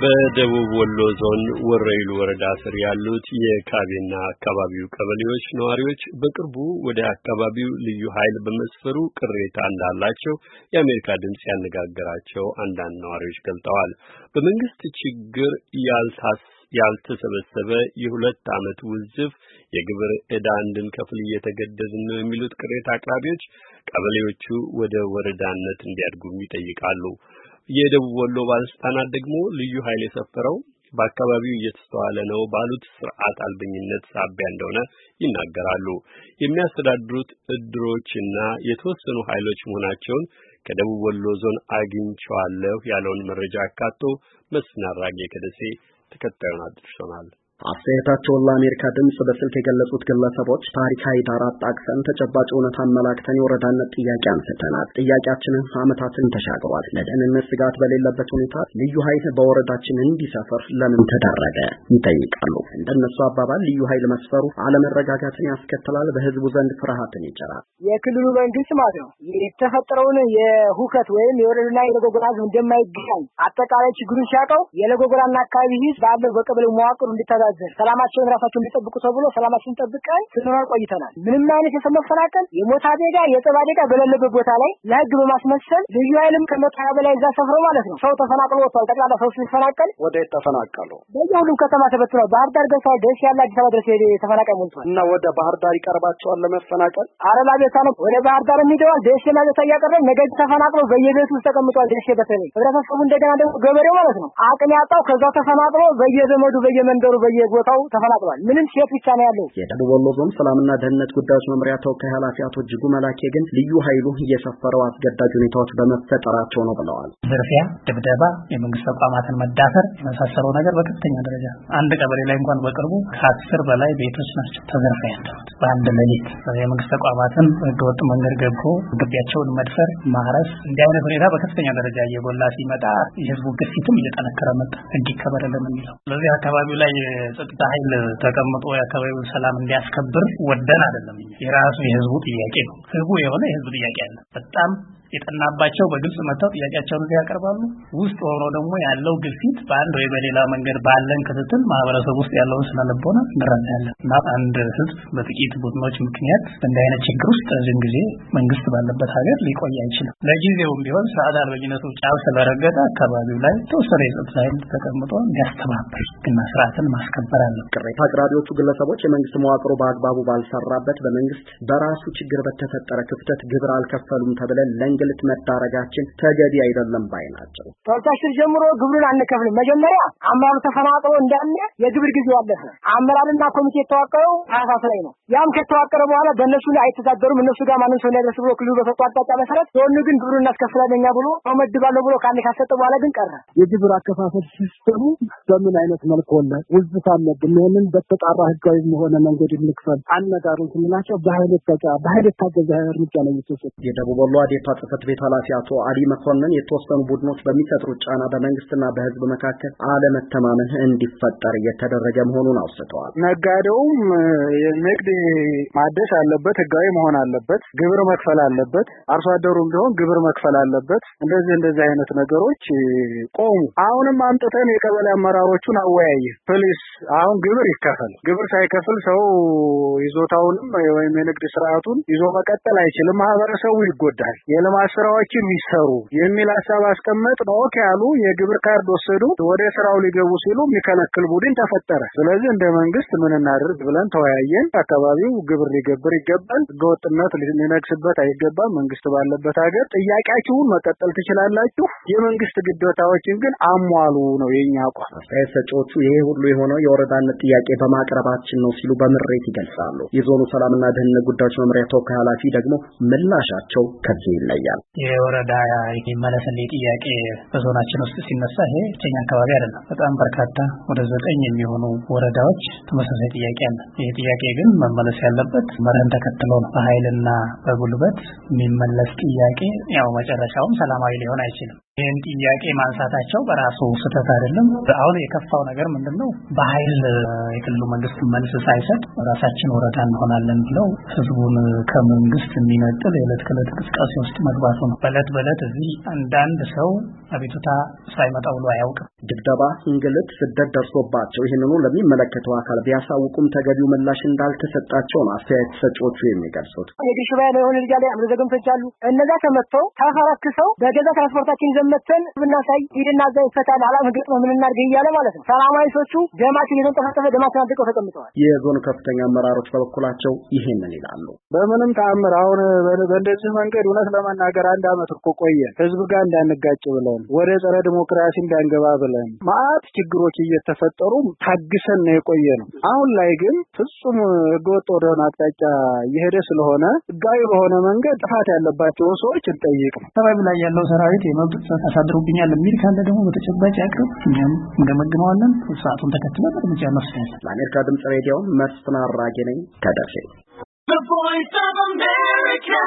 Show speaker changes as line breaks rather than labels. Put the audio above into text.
በደቡብ ወሎ ዞን ወሬል ወረዳ ስር ያሉት የካቤና አካባቢው ቀበሌዎች ነዋሪዎች በቅርቡ ወደ አካባቢው ልዩ ኃይል በመስፈሩ ቅሬታ እንዳላቸው የአሜሪካ ድምፅ ያነጋገራቸው አንዳንድ ነዋሪዎች ገልጠዋል። በመንግስት ችግር ያልታሰ ያልተሰበሰበ የሁለት ዓመት ውዝፍ የግብር ዕዳ እንድንከፍል እየተገደድን ነው የሚሉት ቅሬታ አቅራቢዎች ቀበሌዎቹ ወደ ወረዳነት እንዲያድጉም ይጠይቃሉ። የደቡብ ወሎ ባለስልጣናት ደግሞ ልዩ ኃይል የሰፈረው በአካባቢው እየተስተዋለ ነው ባሉት ስርዓት አልበኝነት ሳቢያ እንደሆነ ይናገራሉ። የሚያስተዳድሩት እድሮችና የተወሰኑ ኃይሎች መሆናቸውን ከደቡብ ወሎ ዞን አግኝቸዋለሁ ያለውን መረጃ አካቶ መስፍን አራጌ ከደሴ ተከታዩን አድርሶናል።
አስተያየታቸውን ለአሜሪካ ድምፅ በስልክ የገለጹት ግለሰቦች ታሪካዊ ዳራ አጣቅሰን ተጨባጭ እውነት አመላክተን የወረዳነት ጥያቄ አንስተናል። ጥያቄያችንን ዓመታትን ተሻግሯል። ለደህንነት ስጋት በሌለበት ሁኔታ ልዩ ኃይል በወረዳችን እንዲሰፍር ለምን ተደረገ ይጠይቃሉ። እንደነሱ አባባል ልዩ ኃይል መስፈሩ አለመረጋጋትን ያስከትላል፣ በህዝቡ ዘንድ ፍርሃትን ይጭራል።
የክልሉ መንግስት ማለት ነው የተፈጠረውን የሁከት ወይም የወረዳና የለጎጎራ ህዝብ እንደማይገኝ አጠቃላይ ችግሩን ሲያውቀው የለጎጎራና አካባቢ ህዝብ ባለው በቀበሌው መዋቅር እንዲተዳ አዘል ሰላማቸውን ራሳቸው እንዲጠብቁ ተብሎ ሰላማችን ጠብቀን ስንኖር ቆይተናል። ምንም አይነት የሰው መፈናቀል፣ የሞት አደጋ፣ የጠብ አደጋ በሌለበት ቦታ ላይ ለህግ በማስመሰል ልዩ ኃይልም ከመቶ ሀያ በላይ እዛ ሰፍረው ማለት ነው ሰው ተፈናቅሎ ወጥቷል። ጠቅላላ ሰው ሲፈናቀል
ወደ ተፈናቀሉ
በየሁሉም ከተማ ተበትኗል። ባህር ዳር ገብተዋል። ደስ ያለ አዲስ አበባ ድረስ ተፈናቃይ ሞልቷል እና ወደ ባህር ዳር ይቀርባቸዋል ለመፈናቀል አረላ ቤታ ነው ወደ ባህር ዳር የሚደዋል ደሴ ማዘታ እያቀረብ ነገ ተፈናቅሎ በየቤቱ ውስጥ ተቀምጧል። ደሴ በተለይ ህብረተሰቡ እንደገና ደግሞ ገበሬው ማለት ነው አቅም ያጣው ከዛ ተፈናቅሎ በየዘመዱ በየመንደሩ በየ ከየቦታው ተፈናቅሏል። ምንም ሴት ብቻ ነው ያለው።
የደቡብ ወሎ ዞን ሰላምና ደህንነት ጉዳዮች መምሪያ ተወካይ ኃላፊ አቶ እጅጉ መላኬ ግን ልዩ ኃይሉ እየሰፈረው አስገዳጅ ሁኔታዎች በመፈጠራቸው ነው ብለዋል።
ዝርፊያ፣ ድብደባ፣ የመንግስት ተቋማትን መዳፈር የመሳሰለው ነገር በከፍተኛ ደረጃ አንድ ቀበሌ ላይ እንኳን በቅርቡ ከአስር በላይ ቤቶች ናቸው ተዘርፈ ያለሁት በአንድ ሌሊት የመንግስት ተቋማትን ህገወጥ መንገድ ገብቶ ግቢያቸውን መድፈር፣ ማረስ እንዲህ አይነት ሁኔታ በከፍተኛ ደረጃ እየጎላ ሲመጣ የህዝቡ ግፊትም እየጠነከረ መጣ። እንዲከበረ ለምን የሚለው ስለዚህ አካባቢው ላይ የጸጥታ ኃይል ተቀምጦ የአካባቢውን ሰላም እንዲያስከብር ወደን አይደለም። የራሱ የህዝቡ ጥያቄ ነው። ህዝቡ የሆነ የህዝቡ ጥያቄ አለ። በጣም የጠናባቸው በግልጽ መጥተው ጥያቄያቸውን ያቀርባሉ። ውስጥ ሆኖ ደግሞ ያለው ግፊት በአንድ ወይ በሌላ መንገድ ባለን ክትትል ማህበረሰብ ውስጥ ያለውን ስለልቦና እንረዳለን እና አንድ ህዝብ በጥቂት ቡድኖች ምክንያት እንዲህ አይነት ችግር ውስጥ ረዥም ጊዜ መንግስት ባለበት ሀገር ሊቆይ አይችልም። ለጊዜውም ቢሆን ስርዓት አልበኝነቱ ጫፍ ስለረገጠ አካባቢው ላይ ተወሰነ የጸጥታ ኃይል ተቀምጦ እንዲያስተባብር ግና ስርዓትን ማስከበር አለ።
ቅሬታ አቅራቢዎቹ ግለሰቦች የመንግስት መዋቅሮ በአግባቡ ባልሰራበት በመንግስት በራሱ ችግር በተፈጠረ ክፍተት ግብር አልከፈሉም ተብለን እንግልት መዳረጋችን ተገቢ አይደለም ባይ ናቸው።
ከታችር ጀምሮ ግብሩን አንከፍልም። መጀመሪያ አመራሩ ተፈናቅሎ እንዳለ የግብር ጊዜ ያለፈ አመራርና ኮሚቴ የተዋቀረው ታህሳስ ላይ ነው። ያም ከተዋቀረ በኋላ በእነሱ ላይ አይተዳደሩም፣ እነሱ ጋር ማንም ሰው እንዳይደርስ ብሎ ክልሉ በሰጡ አቅጣጫ መሰረት ዞኑ ግን ግብሩን እናስከፍላለን እኛ ብሎ ተመድባለሁ ብሎ ቃል ካሰጠ በኋላ ግን ቀረ። የግብር አከፋፈል
ሲስተሙ በምን አይነት መልኩ ሆነ ውዝታ አለብን። ይህንን በተጣራ ህጋዊ የሆነ መንገድ እንክፈል አነጋሩን ስንላቸው በኃይል ታገዘ እርምጃ ነው የተወሰደ። የደቡብ ወሎ አዴፓ
ጽህፈት ቤት ኃላፊ አቶ አሊ መኮንን የተወሰኑ ቡድኖች በሚፈጥሩት ጫና በመንግስትና በህዝብ መካከል አለመተማመን እንዲፈጠር እየተደረገ መሆኑን አውስተዋል።
ነጋዴውም ንግድ ማደስ አለበት፣ ህጋዊ መሆን አለበት፣ ግብር መክፈል አለበት። አርሶ አደሩም ቢሆን ግብር መክፈል አለበት። እንደዚህ እንደዚህ አይነት ነገሮች ቆሙ። አሁንም አምጥተን የቀበሌ አመራሮቹን አወያየ። ፕሊስ አሁን ግብር ይከፈል። ግብር ሳይከፍል ሰው ይዞታውንም ወይም የንግድ ስርዓቱን ይዞ መቀጠል አይችልም። ማህበረሰቡ ይጎዳል። የልማ ስራዎች የሚሰሩ የሚል ሀሳብ አስቀመጥ ኦኬ ያሉ የግብር ካርድ ወሰዱ። ወደ ስራው ሊገቡ ሲሉ የሚከለክል ቡድን ተፈጠረ። ስለዚህ እንደ መንግስት ምን እናድርግ ብለን ተወያየን። አካባቢው ግብር ሊገብር ይገባል፣ ህገወጥነት ሊነግስበት አይገባም። መንግስት ባለበት ሀገር ጥያቄያችሁን መቀጠል ትችላላችሁ፣ የመንግስት ግዴታዎችን ግን አሟሉ ነው የኛ አቋም። አስተያየት
ሰጪዎቹ ይሄ ሁሉ የሆነው የወረዳነት ጥያቄ በማቅረባችን ነው ሲሉ በምሬት ይገልጻሉ። የዞኑ ሰላምና ደህንነት ጉዳዮች መምሪያ ተወካይ ኃላፊ ደግሞ ምላሻቸው ከዚህ ይለያል።
ይታያል። የወረዳ የሚመለስልኝ ጥያቄ በዞናችን ውስጥ ሲነሳ ይሄ ብቸኛ አካባቢ አይደለም። በጣም በርካታ ወደ ዘጠኝ የሚሆኑ ወረዳዎች ተመሳሳይ ጥያቄ አለ። ይህ ጥያቄ ግን መመለስ ያለበት መርህን ተከትሎ ነው። በኃይልና በጉልበት የሚመለስ ጥያቄ ያው መጨረሻውም ሰላማዊ ሊሆን አይችልም። ይህን ጥያቄ ማንሳታቸው በራሱ ስህተት አይደለም። አሁን የከፋው ነገር ምንድን ነው? በኃይል የክልሉ መንግስት መልስ ሳይሰጥ ራሳችን ወረዳ እንሆናለን ብለው ህዝቡን ከመንግስት የሚነጥል የዕለት ክለት እንቅስቃሴ ውስጥ መግባቱ ነው። በለት በለት እዚህ አንዳንድ ሰው አቤቱታ ሳይመጣ ውሎ አያውቅም። ድብደባ፣
እንግልት፣ ስደት ደርሶባቸው ይህንኑ ለሚመለከተው አካል ቢያሳውቁም ተገቢው ምላሽ እንዳልተሰጣቸው ነው አስተያየት ሰጪዎቹ የሚገልጹት።
የግሽባ የሆነ ልጃ ላይ አምረዘግም ፈቻሉ እነዛ ተመጥተው ተፈረክሰው በገዛ ትራንስፖርታችን ይዘ መተን ብናሳይ ሂድና እዛ ይፈታል ኋላ ነው ምን እናድርግ እያለ ማለት ነው። ሰላማዊ ሰዎቹ ደማችን የተንጠፈጠፈ ደማችን አድቀው ተቀምጠዋል።
የዞኑ ከፍተኛ አመራሮች በበኩላቸው ይሄንን ይላሉ። በምንም ተአምር አሁን በእንደዚህ መንገድ እውነት ለመናገር አንድ አመት እኮ ቆየ ህዝብ ጋር እንዳንጋጭ ብለን ወደ ጸረ ዲሞክራሲ እንዳንገባ ብለን ማአት ችግሮች እየተፈጠሩ ታግሰን ነው የቆየ ነው። አሁን ላይ ግን ፍጹም ህገወጥ ወደሆነ አቅጣጫ እየሄደ ስለሆነ ህጋዊ በሆነ መንገድ ጥፋት ያለባቸውን ሰዎች እንጠይቅ ነው።
አካባቢ ላይ ያለው ሰራዊት የመብት አሳድሮብኛል የሚል ካለ ደግሞ በተጨባጭ ያቅርብ፣ እኛም እንገመግመዋለን። ሰዓቱን ተከትሎ እርምጃ እንወስዳለን።
ለአሜሪካ ድምጽ ሬዲዮ መስፍን አራጌ ነኝ
ከደሴ። The voice of America.